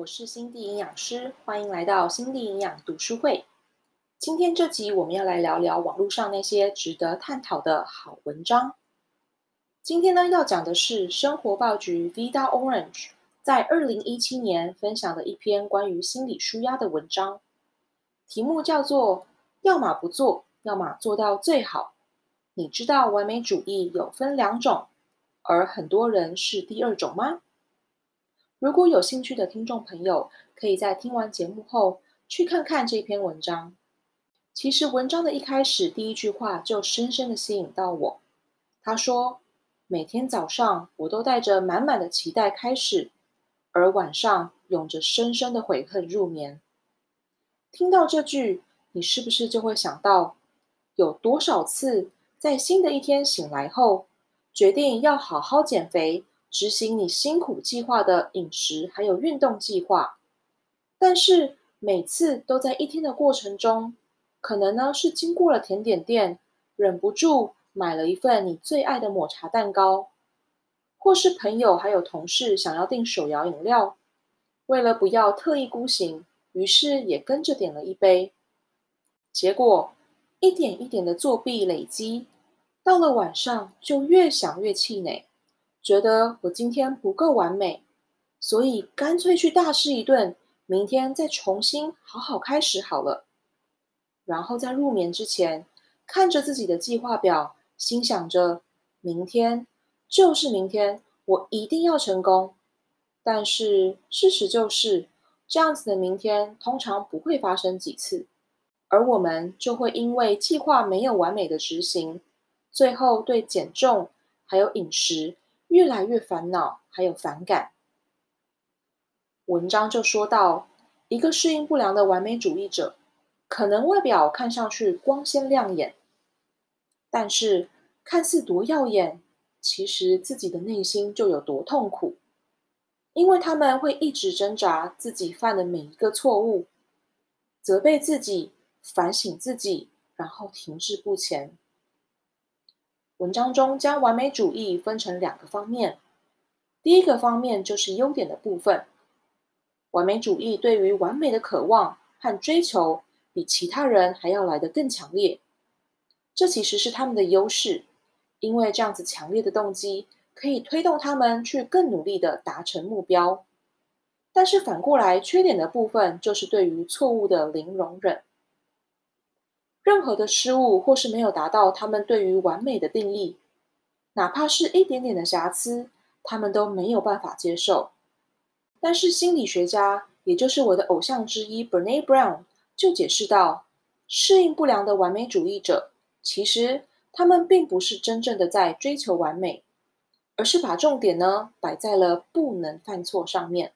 我是心地營養師，歡迎來到心地營養讀書會。今天這集我們要來聊聊網絡上那些值得探討的好文章。今天呢，要講的是生活報橘 Vida Orange 在二零一七年分享的一篇關於心理舒壓的文章，題目叫做“要麼不做，要麼做到最好”。你知道完美主義有分兩種，而很多人是第二種嗎？如果有興趣的聽眾朋友，可以在聽完節目後去看看這篇文章。其實，文章的一開始第一句話就深深的吸引到我。他說：“每天早上我都帶着滿滿的期待開始，而晚上擁着深深的悔恨入眠。”聽到這句，你是不是就會想到有多少次在新的一天醒來後，決定要好好減肥？執行你辛苦計劃的飲食，還有運動計劃，但是每次都在一天的過程中，可能呢是經過了甜點店，忍不住買了一份你最愛的抹茶蛋糕，或是朋友還有同事想要訂手搖飲料，為了不要特意孤行，於是也跟着點了一杯，結果一點一點的作弊累積，到了晚上就越想越氣餒。覺得我今天不夠完美，所以乾脆去大吃一頓，明天再重新好好開始好了。然後在入眠之前，看着自己的計劃表，心想着明天就是明天，我一定要成功。但是事實就是，這樣子的明天通常不會發生幾次，而我們就會因為計劃沒有完美的執行，最後對減重還有飲食。越來越煩惱，還有反感。文章就說到，一個適應不良的完美主義者，可能外表看上去光鮮亮眼，但是看似多耀眼，其實自己的內心就有多痛苦，因為他們會一直掙扎自己犯的每一個錯誤，責備自己，反省自己，然後停滯不前。文章中將完美主義分成兩個方面，第一個方面就是優點的部分。完美主義對於完美的渴望和追求，比其他人還要來得更強烈。這其實是他們的優勢，因為這樣子強烈的動機，可以推動他們去更努力的達成目標。但是反過來，缺點的部分就是對於錯誤的零容忍。任何的失誤或是沒有達到他們對於完美的定義，哪怕是一點點的瑕疵，他們都沒有辦法接受。但是心理學家，也就是我的偶像之一 Brené Brown 就解釋道，適應不良的完美主義者其實他們並不是真正的在追求完美，而是把重點呢擺在了不能犯錯上面。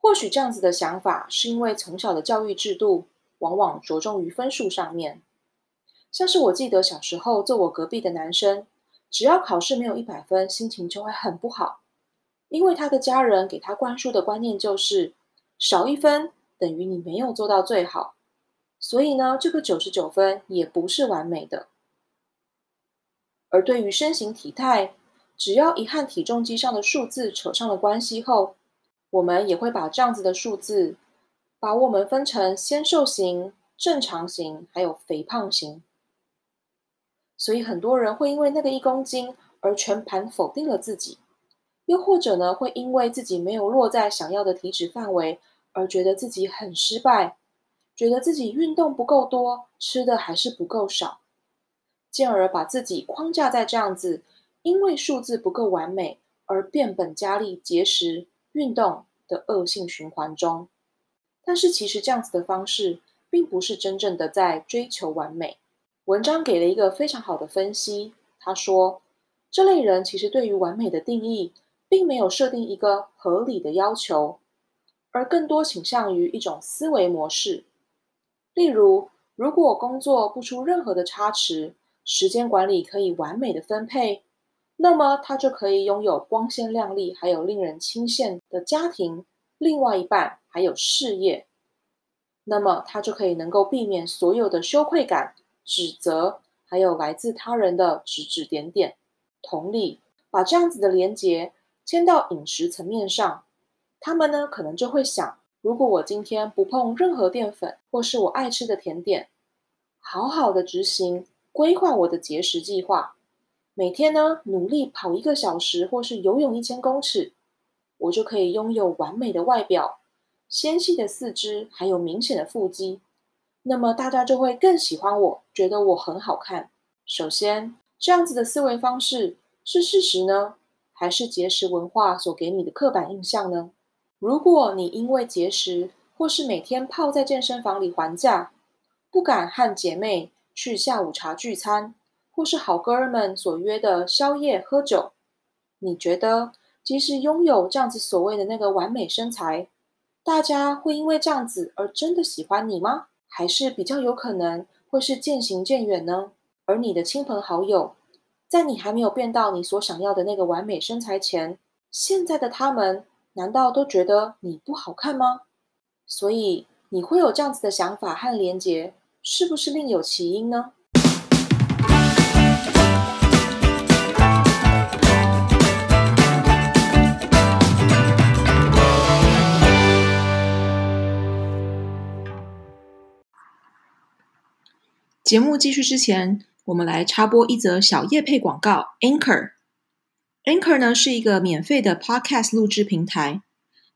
或許這樣子的想法是因為從小的教育制度往往着重於分數上面。像是我記得小時候，坐我隔壁的男生，只要考試沒有一百分，心情就會很不好。因為他的家人給他灌輸的觀念就是，少一分等於你沒有做到最好。所以呢，這個九十九分也不是完美的。而對於身形體態，只要一和體重機上的數字扯上了關係後，我們也會把這樣子的數字，把我們分成纖瘦型、正常型，還有肥胖型。所以很多人會因為那個一公斤而全盤否定了自己，又或者呢，會因為自己沒有落在想要的體脂範圍而覺得自己很失敗，覺得自己運動不夠多，吃的還是不夠少，進而把自己框架在這樣子，因為數字不夠完美而變本加厲，節食運動的惡性循環中。但是其實這樣子的方式，並不是真正的在追求完美。文章給了一個非常好的分析。他說，這類人其實對於完美的定義，並沒有設定一個合理的要求，而更多傾向於一種思維模式。例如，如果工作不出任何的差池，時間管理可以完美的分配，那麼他就可以擁有光鮮亮麗，還有令人欽羨的家庭；另外一半還有事業，那麼他就可以能夠避免所有的羞愧感。指責，還有來自他人的指指點點。同理，把這樣子的連結牽到飲食層面上，他們呢可能就會想：如果我今天不碰任何澱粉，或是我愛吃的甜點，好好的執行規劃我的節食計劃，每天呢努力跑一個小時，或是游泳一千公尺，我就可以擁有完美的外表、纖細的四肢，還有明顯的腹肌。那麼大家就會更喜歡我，覺得我很好看。首先，這樣子的思維方式是事實呢？還是節食文化所給你的刻板印象呢？如果你因為節食或是每天泡在健身房裡還價，不敢和姐妹去下午茶聚餐，或是好哥兒們所約的宵夜喝酒，你覺得，即使擁有這樣子所謂的那個完美身材，大家會因為這樣子而真的喜歡你嗎？還是比較有可能會是漸行漸遠呢？而你的親朋好友，在你還沒有變到你所想要的那個完美身材前，現在的他們難道都覺得你不好看嗎？所以你會有這樣子的想法和連結，是不是另有其因呢？節目繼續之前，我們來插播一則小業配廣告。Anchor，Anchor Anchor 呢是一個免費的 Podcast 錄製平台，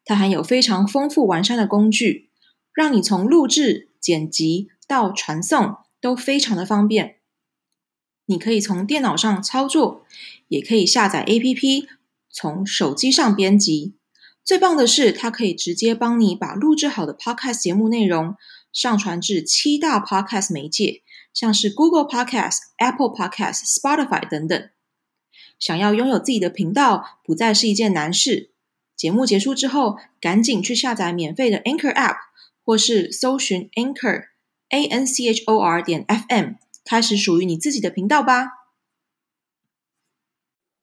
它含有非常豐富完善的工具，讓你從錄製、剪輯到傳送都非常的方便。你可以從電腦上操作，也可以下載 APP 從手機上編輯。最棒的是，它可以直接幫你把錄製好的 Podcast 節目內容上傳至七大 Podcast 媒介。像是 Google Podcast、Apple Podcast、Spotify 等等，想要擁有自己的頻道，不再是一件難事。節目結束之後，趕緊去下載免費的 Anchor App，或是搜尋 Anchor A N C H O R 點 F M，開始屬於你自己的頻道吧。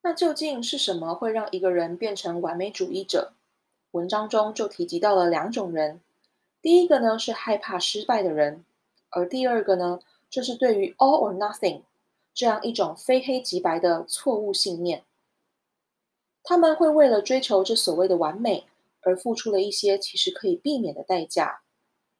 那究竟是什麼會讓一個人變成完美主義者？文章中就提及到了兩種人，第一個呢，是害怕失敗的人，而第二個呢？就是對於 all or nothing 這樣一種非黑即白的錯誤信念，他們會為了追求這所謂的完美而付出了一些其實可以避免的代價，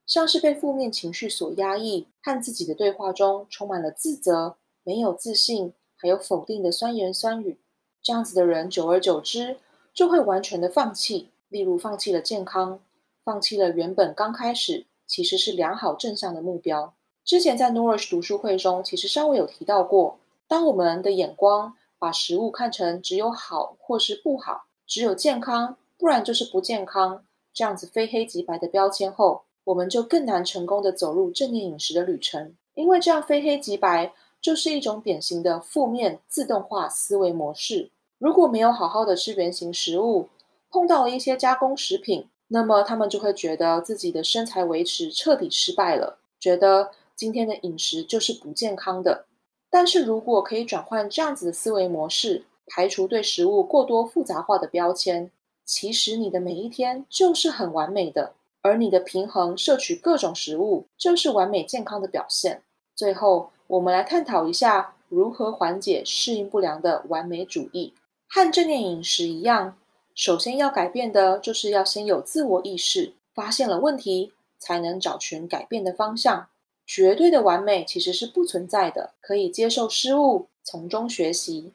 像是被負面情緒所壓抑，和自己的對話中充滿了自責、沒有自信，還有否定的酸言酸語。這樣子的人，久而久之就會完全的放棄，例如放棄了健康，放棄了原本剛開始其實是良好正向的目標。之前在 Norish 讀書會中，其實稍微有提到過：當我們的眼光把食物看成只有好或是不好，只有健康，不然就是不健康，這樣子非黑即白的標籤後，我們就更難成功地走入正念飲食的旅程。因為這樣非黑即白，就是一種典型的負面自動化思維模式。如果沒有好好的吃原型食物，碰到了一些加工食品，那麼他們就會覺得自己的身材維持徹底失敗了，覺得。今天的飲食就是不健康的，但是如果可以轉換這樣子的思維模式，排除對食物過多複雜化的標籤，其實你的每一天就是很完美的，而你的平衡攝取各種食物就是完美健康的表現。最後，我們來探討一下如何緩解適應不良的完美主義，和正念飲食一樣，首先要改變的就是要先有自我意識，發現了問題，才能找尋改變的方向。絕對的完美其實是不存在的，可以接受失誤，從中學習，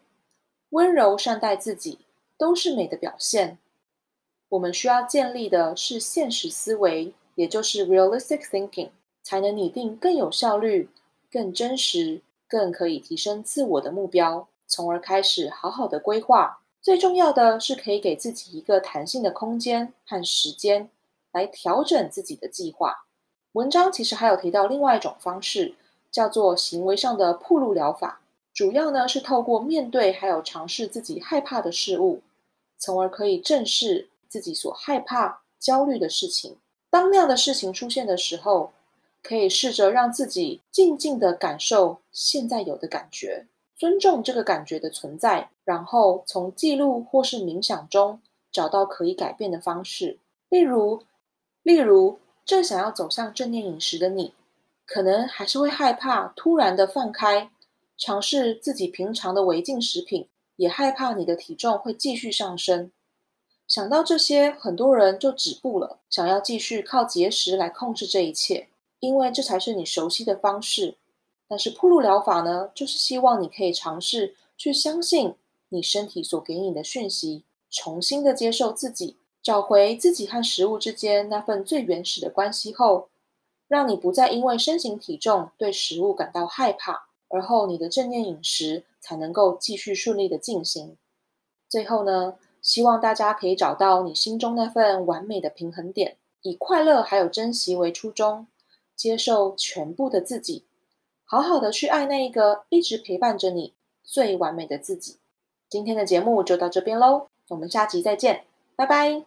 溫柔善待自己，都是美的表現。我們需要建立的是現實思維，也就是 realistic thinking，才能擬定更有效率、更真實、更可以提升自我的目標，從而開始好好的規劃。最重要的是，可以給自己一個彈性的空間和時間，來調整自己的計劃。文章其實還有提到另外一種方式，叫做行為上的暴露療法，主要呢是透過面對還有嘗試自己害怕的事物，從而可以正視自己所害怕、焦慮的事情。當那樣的事情出現的時候，可以試着讓自己靜靜地感受現在有的感覺，尊重這個感覺的存在，然後從記錄或是冥想中找到可以改變的方式，例如，例如。正想要走向正念飲食的你，可能還是會害怕突然的放開，嘗試自己平常的違禁食品，也害怕你的體重會繼續上升。想到這些，很多人就止步了，想要繼續靠節食來控制這一切，因為這才是你熟悉的方式。但是暴露療法呢，就是希望你可以嘗試去相信你身體所給你的訊息，重新的接受自己。找回自己和食物之間那份最原始的關係後，讓你不再因為身形體重對食物感到害怕，而後你的正念飲食才能夠繼續順利的進行。最後呢，希望大家可以找到你心中那份完美的平衡點，以快樂還有珍惜為初衷，接受全部的自己，好好的去愛那一個一直陪伴着你最完美的自己。今天的節目就到這邊嘍，我們下集再見。拜拜。